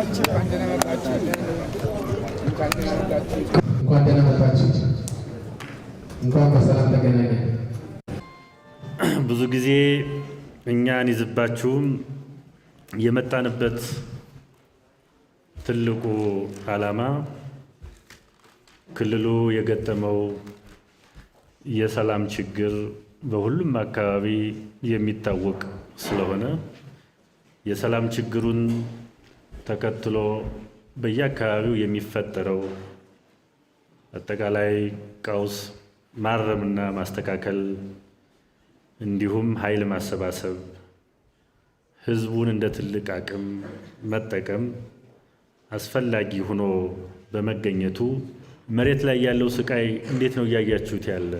እንኳን ደህና መጣችሁ፣ እንኳን በሰላም ተገናኘ። ብዙ ጊዜ እኛን ይዝባችሁም የመጣንበት ትልቁ ዓላማ ክልሉ የገጠመው የሰላም ችግር በሁሉም አካባቢ የሚታወቅ ስለሆነ የሰላም ችግሩን ተከትሎ በየአካባቢው የሚፈጠረው አጠቃላይ ቀውስ ማረምና ማስተካከል እንዲሁም ኃይል ማሰባሰብ ህዝቡን እንደ ትልቅ አቅም መጠቀም አስፈላጊ ሆኖ በመገኘቱ መሬት ላይ ያለው ስቃይ እንዴት ነው እያያችሁት ያለ?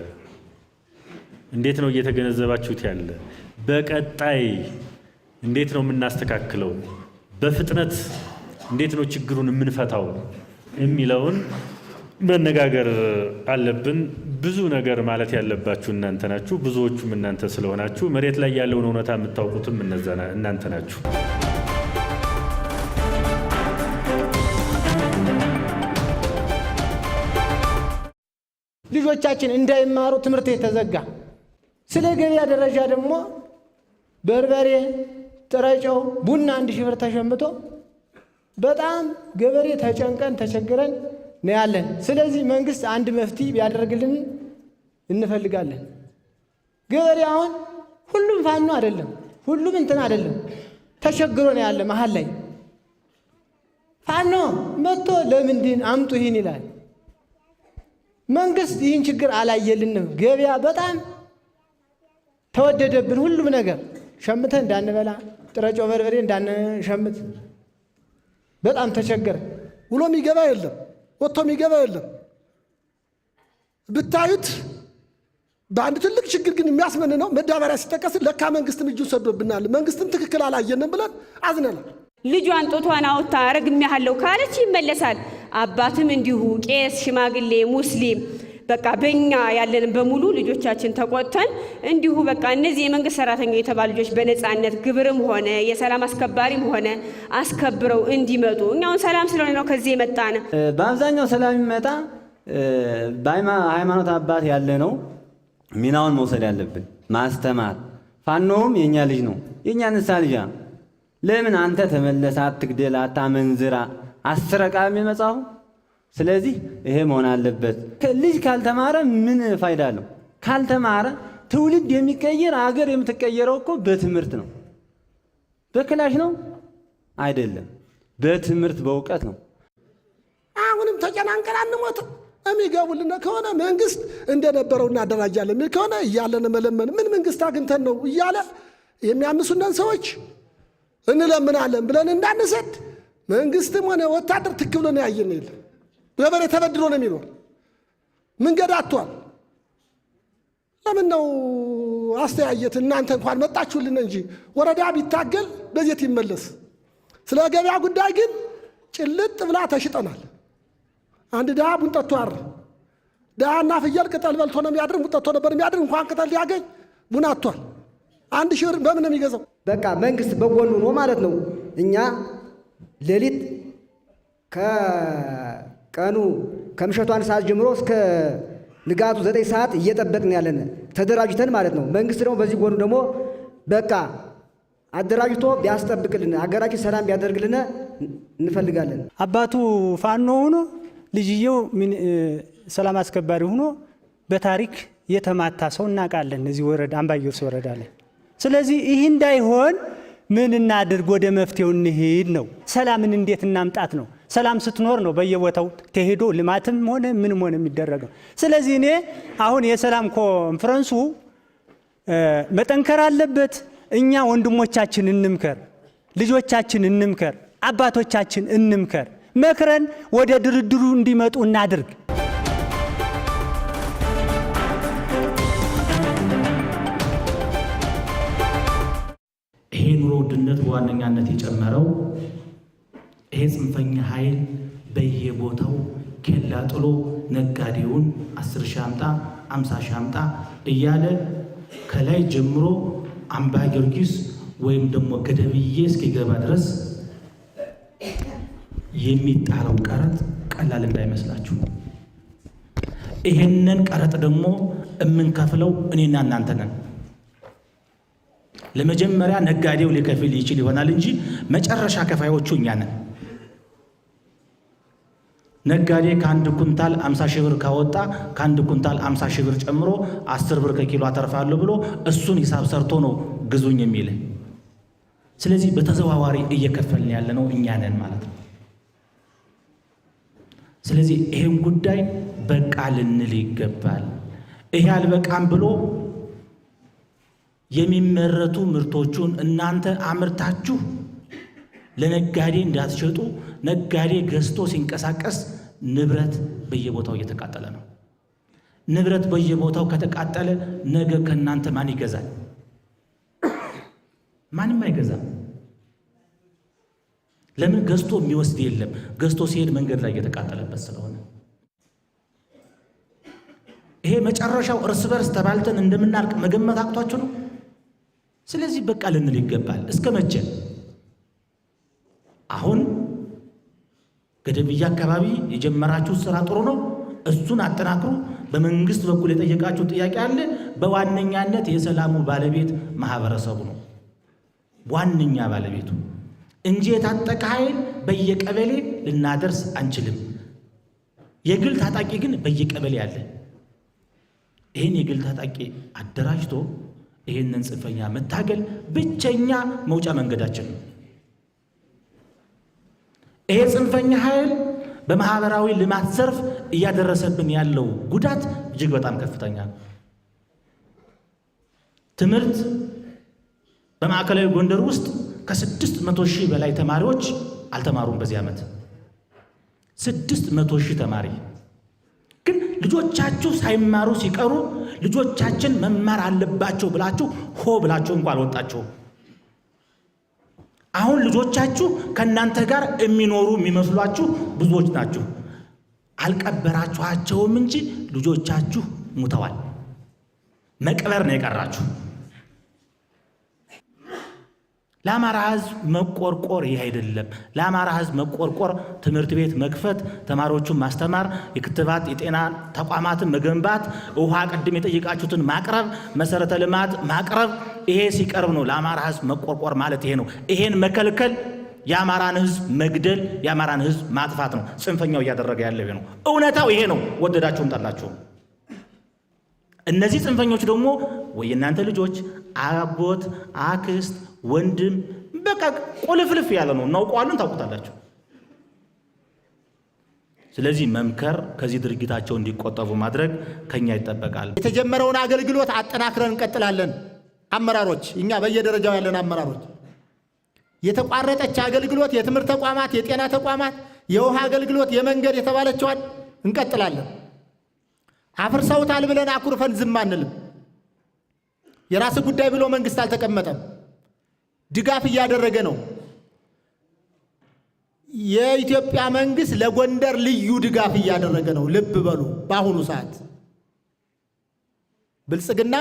እንዴት ነው እየተገነዘባችሁት ያለ? በቀጣይ እንዴት ነው የምናስተካክለው? በፍጥነት እንዴት ነው ችግሩን የምንፈታው የሚለውን መነጋገር አለብን። ብዙ ነገር ማለት ያለባችሁ እናንተ ናችሁ፣ ብዙዎቹም እናንተ ስለሆናችሁ መሬት ላይ ያለውን እውነታ የምታውቁትም እናንተ ናችሁ። ልጆቻችን እንዳይማሩ ትምህርት የተዘጋ ስለ ገበያ ደረጃ ደግሞ በርበሬ፣ ጥረጨው፣ ቡና አንድ ሺህ ብር ተሸምቶ በጣም ገበሬ ተጨንቀን ተቸግረን ነው ያለን። ስለዚህ መንግስት አንድ መፍትሄ ቢያደርግልን እንፈልጋለን። ገበሬ አሁን ሁሉም ፋኖ አይደለም፣ ሁሉም እንትን አይደለም፣ ተቸግሮ ነው ያለ። መሀል ላይ ፋኖ መጥቶ ለምንድን አምጡ ይህን ይላል። መንግስት ይህን ችግር አላየልንም። ገበያ በጣም ተወደደብን። ሁሉም ነገር ሸምተን እንዳንበላ ጥረጮ በርበሬ እንዳንሸምት በጣም ተቸገረ። ውሎ የሚገባ የለም፣ ወጥቶ የሚገባ የለም። ብታዩት በአንድ ትልቅ ችግር ግን የሚያስመንነው መዳበሪያ ሲጠቀስ ለካ መንግስትም እጁን ሰዶብናል፣ መንግስትም ትክክል አላየንም ብለን አዝነናል። ልጇን ጦቷን አውጥታ የሚያለው ካለች ይመለሳል። አባትም እንዲሁ ቄስ፣ ሽማግሌ፣ ሙስሊም በቃ በእኛ ያለንን በሙሉ ልጆቻችን ተቆጥተን እንዲሁ በቃ እነዚህ የመንግስት ሰራተኛ የተባሉ ልጆች በነፃነት ግብርም ሆነ የሰላም አስከባሪም ሆነ አስከብረው እንዲመጡ እኛውን ሰላም ስለሆነ ነው ከዚህ የመጣ ነ በአብዛኛው ሰላም የሚመጣ በሃይማኖት አባት ያለ ነው ሚናውን መውሰድ ያለብን ማስተማር። ፋኖውም የእኛ ልጅ ነው የእኛ ንሳ ልጃ። ለምን አንተ ተመለሰ አትግደል አታመንዝራ አስረቃ የሚመጻሁ ስለዚህ ይሄ መሆን አለበት። ልጅ ካልተማረ ምን ፋይዳ አለው? ካልተማረ ትውልድ የሚቀየር አገር የምትቀየረው እኮ በትምህርት ነው። በክላሽ ነው አይደለም፣ በትምህርት በእውቀት ነው። አሁንም ተጨናንቀን አንሞትም። የሚገቡልን ከሆነ መንግስት እንደነበረው እናደራጃለን የሚል ከሆነ እያለን መለመን ምን መንግስት አግኝተን ነው እያለ የሚያምሱነን ሰዎች እንለምናለን ብለን እንዳንሰድ መንግስትም ሆነ ወታደር ትክ ብለን ያየን የለ ገበሬ ተበድሮ ነው የሚኖር። መንገድ አጥቷል። ለምን ነው አስተያየት? እናንተ እንኳን መጣችሁልን እንጂ ወረዳ ቢታገል በዜት ይመለስ። ስለ ገበያ ጉዳይ ግን ጭልጥ ብላ ተሽጠናል። አንድ ድሃ ቡንጠቶ አር ድሃና ፍየል ቅጠል በልቶ ነው የሚያድር። ቡንጠቶ ነበር የሚያድር እንኳን ቅጠል ሊያገኝ ቡና አጥቷል። አንድ ሺህ ብር በምን ነው የሚገዛው? በቃ መንግስት በጎኑ ነው ማለት ነው። እኛ ሌሊት ቀኑ ከምሸቱ አንድ ሰዓት ጀምሮ እስከ ንጋቱ ዘጠኝ ሰዓት እየጠበቅን ያለን ተደራጅተን ማለት ነው። መንግስት ደግሞ በዚህ ጎኑ ደግሞ በቃ አደራጅቶ ቢያስጠብቅልን አገራችን ሰላም ቢያደርግልን እንፈልጋለን። አባቱ ፋኖ ሆኖ ልጅየው ሰላም አስከባሪ ሆኖ በታሪክ የተማታ ሰው እናውቃለን። እዚህ ወረዳ አምባየርስ ወረዳ ላይ ስለዚህ ይህ እንዳይሆን ምን እናድርግ፣ ወደ መፍትሄው እንሄድ ነው። ሰላምን እንዴት እናምጣት ነው። ሰላም ስትኖር ነው በየቦታው ተሄዶ ልማትም ሆነ ምንም ሆነ የሚደረገው። ስለዚህ እኔ አሁን የሰላም ኮንፈረንሱ መጠንከር አለበት። እኛ ወንድሞቻችን እንምከር፣ ልጆቻችን እንምከር፣ አባቶቻችን እንምከር። መክረን ወደ ድርድሩ እንዲመጡ እናድርግ። ይሄ ኑሮ ውድነት በዋነኛነት የጨመረው ይሄ ጽንፈኛ ኃይል በየቦታው ኬላ ጥሎ ነጋዴውን አስር ሻምጣ አምጣ አምሳ ሻምጣ አምጣ እያለ ከላይ ጀምሮ አምባ ጊዮርጊስ ወይም ደግሞ ገደብዬ እስኪገባ ድረስ የሚጣለው ቀረጥ ቀላል እንዳይመስላችሁ። ይሄንን ቀረጥ ደግሞ የምንከፍለው እኔና እናንተ ነን። ለመጀመሪያ ነጋዴው ሊከፍል ይችል ይሆናል እንጂ መጨረሻ ከፋዮቹ እኛ ነን። ነጋዴ ከአንድ ኩንታል 50 ሺህ ብር ካወጣ ከአንድ ኩንታል 50 ሺህ ብር ጨምሮ 10 ብር ከኪሎ አተርፋለሁ ብሎ እሱን ሂሳብ ሰርቶ ነው ግዙኝ የሚል። ስለዚህ በተዘዋዋሪ እየከፈልን ያለ ነው እኛ ነን ማለት ነው። ስለዚህ ይህን ጉዳይ በቃ ልንል ይገባል። ይሄ አልበቃም ብሎ የሚመረቱ ምርቶቹን እናንተ አምርታችሁ ለነጋዴ እንዳትሸጡ ነጋዴ ገዝቶ ሲንቀሳቀስ ንብረት በየቦታው እየተቃጠለ ነው። ንብረት በየቦታው ከተቃጠለ ነገ ከእናንተ ማን ይገዛል? ማንም አይገዛም። ለምን? ገዝቶ የሚወስድ የለም። ገዝቶ ሲሄድ መንገድ ላይ እየተቃጠለበት ስለሆነ ይሄ መጨረሻው እርስ በርስ ተባልተን እንደምናልቅ መገመት አቅቷችሁ ነው። ስለዚህ በቃ ልንል ይገባል። እስከ መቼ አሁን ገደብያ አካባቢ የጀመራችሁ ስራ ጥሩ ነው። እሱን አጠናክሩ። በመንግስት በኩል የጠየቃችሁ ጥያቄ አለ። በዋነኛነት የሰላሙ ባለቤት ማህበረሰቡ ነው፣ ዋነኛ ባለቤቱ እንጂ የታጠቀ ኃይል በየቀበሌ ልናደርስ አንችልም። የግል ታጣቂ ግን በየቀበሌ አለ። ይህን የግል ታጣቂ አደራጅቶ ይህንን ጽንፈኛ መታገል ብቸኛ መውጫ መንገዳችን ነው። ይሄ ጽንፈኛ ኃይል በማህበራዊ ልማት ዘርፍ እያደረሰብን ያለው ጉዳት እጅግ በጣም ከፍተኛ ነው። ትምህርት በማዕከላዊ ጎንደር ውስጥ ከስድስት መቶ ሺህ በላይ ተማሪዎች አልተማሩም። በዚህ ዓመት ስድስት መቶ ሺህ ተማሪ ግን ልጆቻችሁ ሳይማሩ ሲቀሩ ልጆቻችን መማር አለባቸው ብላችሁ ሆ ብላችሁ እንኳ አልወጣችሁም። አሁን ልጆቻችሁ ከእናንተ ጋር የሚኖሩ የሚመስሏችሁ ብዙዎች ናችሁ። አልቀበራችኋቸውም እንጂ ልጆቻችሁ ሙተዋል። መቅበር ነው የቀራችሁ። ለአማራ ህዝብ መቆርቆር ይህ አይደለም። ለአማራ ህዝብ መቆርቆር ትምህርት ቤት መክፈት፣ ተማሪዎቹን ማስተማር፣ የክትባት የጤና ተቋማትን መገንባት፣ ውሃ ቅድም የጠየቃችሁትን ማቅረብ፣ መሰረተ ልማት ማቅረብ፣ ይሄ ሲቀርብ ነው ለአማራ ህዝብ መቆርቆር ማለት ይሄ ነው። ይሄን መከልከል የአማራን ህዝብ መግደል፣ የአማራን ህዝብ ማጥፋት ነው። ጽንፈኛው እያደረገ ያለው ይሄ ነው። እውነታው ይሄ ነው። ወደዳችሁም ጠላችሁም እነዚህ ጽንፈኞች ደግሞ ወይ እናንተ ልጆች አቦት አክስት ወንድም በቃ ቁልፍልፍ ያለ ነው። እናውቀዋለን፣ ታውቁታላችሁ። ስለዚህ መምከር፣ ከዚህ ድርጊታቸው እንዲቆጠቡ ማድረግ ከኛ ይጠበቃል። የተጀመረውን አገልግሎት አጠናክረን እንቀጥላለን። አመራሮች፣ እኛ በየደረጃው ያለን አመራሮች የተቋረጠች አገልግሎት የትምህርት ተቋማት፣ የጤና ተቋማት፣ የውሃ አገልግሎት፣ የመንገድ የተባለችዋን እንቀጥላለን። አፍርሰውታል ብለን አኩርፈን ዝም አንልም። የራስ ጉዳይ ብሎ መንግስት አልተቀመጠም። ድጋፍ እያደረገ ነው። የኢትዮጵያ መንግስት ለጎንደር ልዩ ድጋፍ እያደረገ ነው። ልብ በሉ። በአሁኑ ሰዓት ብልጽግና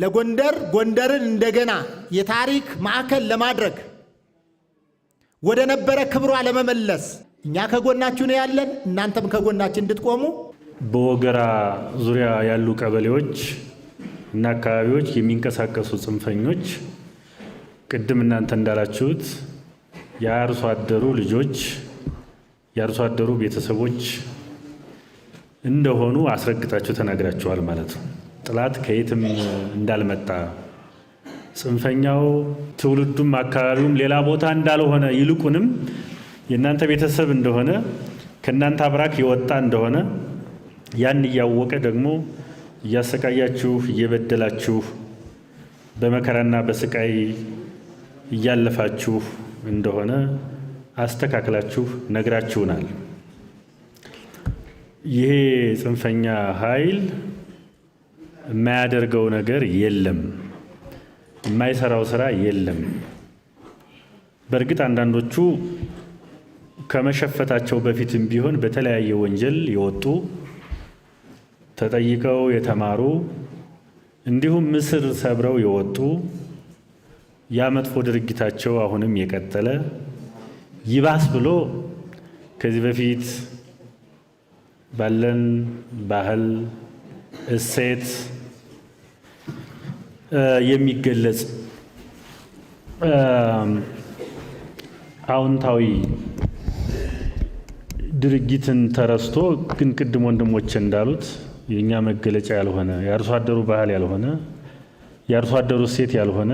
ለጎንደር ጎንደርን እንደገና የታሪክ ማዕከል ለማድረግ ወደ ነበረ ክብሯ ለመመለስ እኛ ከጎናችሁ ነው ያለን፣ እናንተም ከጎናችን እንድትቆሙ በወገራ ዙሪያ ያሉ ቀበሌዎች እና አካባቢዎች የሚንቀሳቀሱ ጽንፈኞች ቅድም እናንተ እንዳላችሁት የአርሶ አደሩ ልጆች የአርሶ አደሩ ቤተሰቦች እንደሆኑ አስረግጣችሁ ተናግራችኋል ማለት ነው። ጥላት ከየትም እንዳልመጣ ጽንፈኛው ትውልዱም አካባቢውም ሌላ ቦታ እንዳልሆነ ይልቁንም የእናንተ ቤተሰብ እንደሆነ ከእናንተ አብራክ የወጣ እንደሆነ ያን እያወቀ ደግሞ እያሰቃያችሁ እየበደላችሁ በመከራና በስቃይ እያለፋችሁ እንደሆነ አስተካክላችሁ ነግራችሁናል። ይሄ ጽንፈኛ ኃይል የማያደርገው ነገር የለም፣ የማይሰራው ስራ የለም። በእርግጥ አንዳንዶቹ ከመሸፈታቸው በፊትም ቢሆን በተለያየ ወንጀል የወጡ ተጠይቀው የተማሩ እንዲሁም ምስር ሰብረው የወጡ ያ መጥፎ ድርጊታቸው አሁንም የቀጠለ ይባስ ብሎ ከዚህ በፊት ባለን ባህል እሴት የሚገለጽ አውንታዊ ድርጊትን ተረስቶ ግን ቅድም ወንድሞች እንዳሉት የእኛ መገለጫ ያልሆነ የአርሶ አደሩ ባህል ያልሆነ የአርሶ አደሩ እሴት ያልሆነ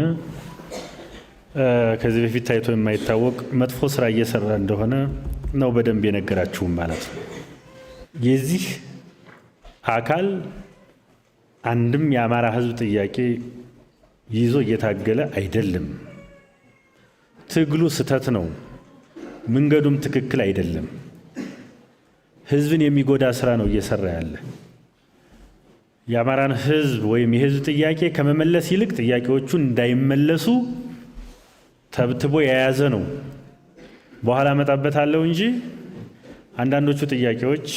ከዚህ በፊት ታይቶ የማይታወቅ መጥፎ ስራ እየሰራ እንደሆነ ነው በደንብ የነገራችሁም ማለት ነው። የዚህ አካል አንድም የአማራ ህዝብ ጥያቄ ይዞ እየታገለ አይደለም። ትግሉ ስተት ነው፣ መንገዱም ትክክል አይደለም። ህዝብን የሚጎዳ ስራ ነው እየሰራ ያለ። የአማራን ህዝብ ወይም የህዝብ ጥያቄ ከመመለስ ይልቅ ጥያቄዎቹ እንዳይመለሱ ተብትቦ የያዘ ነው። በኋላ እመጣበታለሁ እንጂ አንዳንዶቹ ጥያቄዎች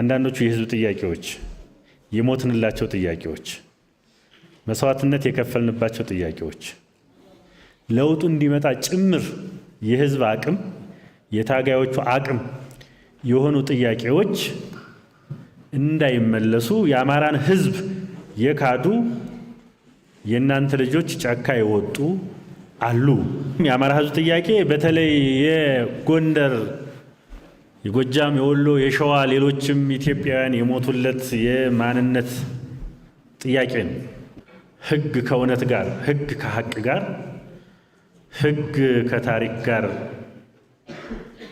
አንዳንዶቹ የህዝብ ጥያቄዎች የሞትንላቸው ጥያቄዎች፣ መስዋዕትነት የከፈልንባቸው ጥያቄዎች፣ ለውጡ እንዲመጣ ጭምር የህዝብ አቅም የታጋዮቹ አቅም የሆኑ ጥያቄዎች እንዳይመለሱ የአማራን ህዝብ የካዱ የእናንተ ልጆች ጫካ የወጡ አሉ። የአማራ ህዝብ ጥያቄ በተለይ የጎንደር፣ የጎጃም፣ የወሎ፣ የሸዋ ሌሎችም ኢትዮጵያውያን የሞቱለት የማንነት ጥያቄ ነው። ህግ ከእውነት ጋር፣ ህግ ከሀቅ ጋር፣ ህግ ከታሪክ ጋር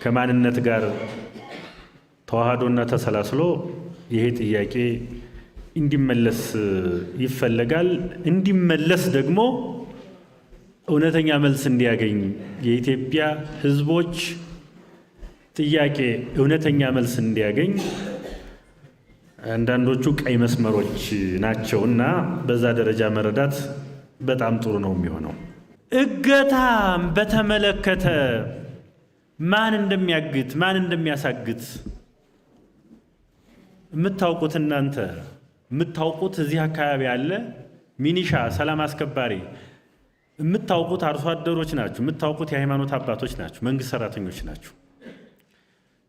ከማንነት ጋር ተዋህዶና ተሰላስሎ ይሄ ጥያቄ እንዲመለስ ይፈለጋል። እንዲመለስ ደግሞ እውነተኛ መልስ እንዲያገኝ የኢትዮጵያ ሕዝቦች ጥያቄ እውነተኛ መልስ እንዲያገኝ አንዳንዶቹ ቀይ መስመሮች ናቸው እና በዛ ደረጃ መረዳት በጣም ጥሩ ነው የሚሆነው። እገታም በተመለከተ ማን እንደሚያግት ማን እንደሚያሳግት የምታውቁት እናንተ የምታውቁት እዚህ አካባቢ ያለ ሚኒሻ ሰላም አስከባሪ የምታውቁት አርሶ አደሮች ናችሁ። የምታውቁት የሃይማኖት አባቶች ናችሁ፣ መንግስት ሰራተኞች ናችሁ።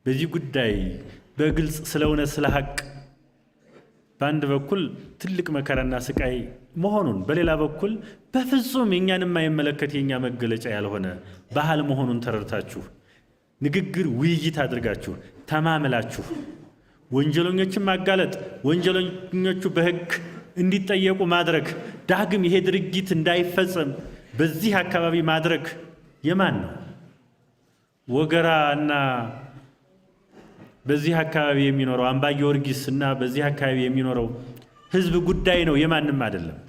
በዚህ ጉዳይ በግልጽ ስለ እውነት ስለ ሀቅ በአንድ በኩል ትልቅ መከራና ስቃይ መሆኑን፣ በሌላ በኩል በፍጹም የእኛን የማይመለከት የእኛ መገለጫ ያልሆነ ባህል መሆኑን ተረድታችሁ ንግግር፣ ውይይት አድርጋችሁ ተማምላችሁ ወንጀለኞችን ማጋለጥ ወንጀለኞቹ በህግ እንዲጠየቁ ማድረግ ዳግም ይሄ ድርጊት እንዳይፈጸም በዚህ አካባቢ ማድረግ የማን ነው? ወገራ እና በዚህ አካባቢ የሚኖረው አምባ ጊዮርጊስ እና በዚህ አካባቢ የሚኖረው ህዝብ ጉዳይ ነው፣ የማንም አይደለም።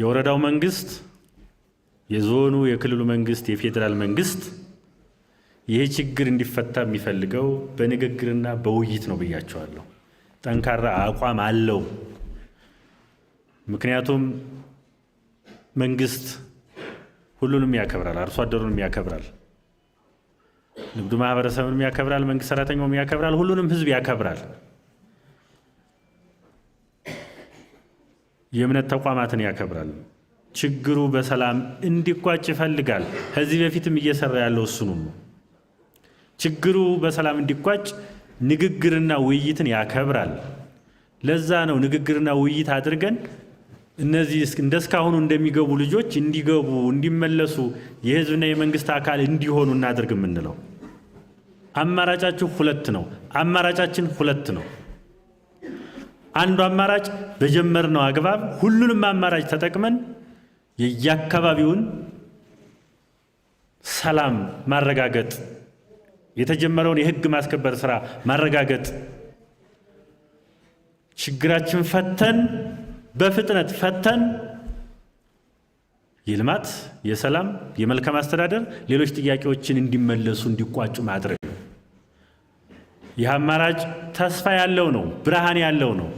የወረዳው መንግስት፣ የዞኑ፣ የክልሉ መንግስት፣ የፌዴራል መንግስት ይሄ ችግር እንዲፈታ የሚፈልገው በንግግርና በውይይት ነው ብያቸዋለሁ። ጠንካራ አቋም አለው። ምክንያቱም መንግስት ሁሉንም ያከብራል። አርሶ አደሩንም ያከብራል። ንግዱ ማህበረሰብንም ያከብራል። መንግስት ሰራተኛውም ያከብራል። ሁሉንም ህዝብ ያከብራል። የእምነት ተቋማትን ያከብራል። ችግሩ በሰላም እንዲቋጭ ይፈልጋል። ከዚህ በፊትም እየሰራ ያለው እሱኑ ነው። ችግሩ በሰላም እንዲቋጭ ንግግርና ውይይትን ያከብራል። ለዛ ነው ንግግርና ውይይት አድርገን እነዚህ እንደ እስካሁኑ እንደሚገቡ ልጆች እንዲገቡ እንዲመለሱ የህዝብና የመንግስት አካል እንዲሆኑ እናድርግ የምንለው አማራጫችሁ ሁለት ነው። አማራጫችን ሁለት ነው። አንዱ አማራጭ በጀመርነው አግባብ ሁሉንም አማራጭ ተጠቅመን የየአካባቢውን ሰላም ማረጋገጥ፣ የተጀመረውን የህግ ማስከበር ስራ ማረጋገጥ፣ ችግራችን ፈተን በፍጥነት ፈተን የልማት የሰላም የመልካም አስተዳደር ሌሎች ጥያቄዎችን እንዲመለሱ እንዲቋጩ ማድረግ ነው። ይህ አማራጭ ተስፋ ያለው ነው፣ ብርሃን ያለው ነው።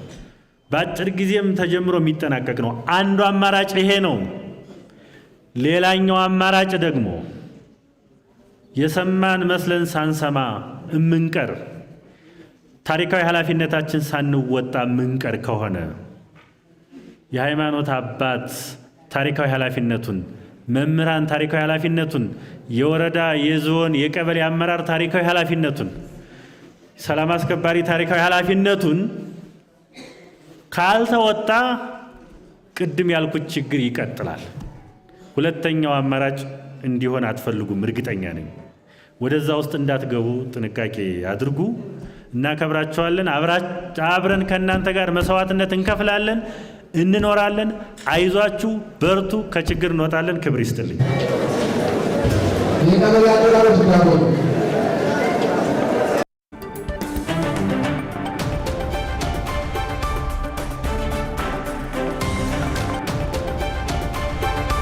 በአጭር ጊዜም ተጀምሮ የሚጠናቀቅ ነው። አንዱ አማራጭ ይሄ ነው። ሌላኛው አማራጭ ደግሞ የሰማን መስለን ሳንሰማ እምንቀር ታሪካዊ ኃላፊነታችን ሳንወጣ ምንቀር ከሆነ የሃይማኖት አባት ታሪካዊ ኃላፊነቱን፣ መምህራን ታሪካዊ ኃላፊነቱን፣ የወረዳ የዞን የቀበሌ አመራር ታሪካዊ ኃላፊነቱን፣ ሰላም አስከባሪ ታሪካዊ ኃላፊነቱን ካልተወጣ ቅድም ያልኩት ችግር ይቀጥላል። ሁለተኛው አማራጭ እንዲሆን አትፈልጉም፣ እርግጠኛ ነኝ። ወደዛ ውስጥ እንዳትገቡ ጥንቃቄ አድርጉ። እናከብራቸዋለን። አብረን ከእናንተ ጋር መስዋዕትነት እንከፍላለን። እንኖራለን። አይዟችሁ፣ በርቱ፣ ከችግር እንወጣለን። ክብር ይስጥልኝ።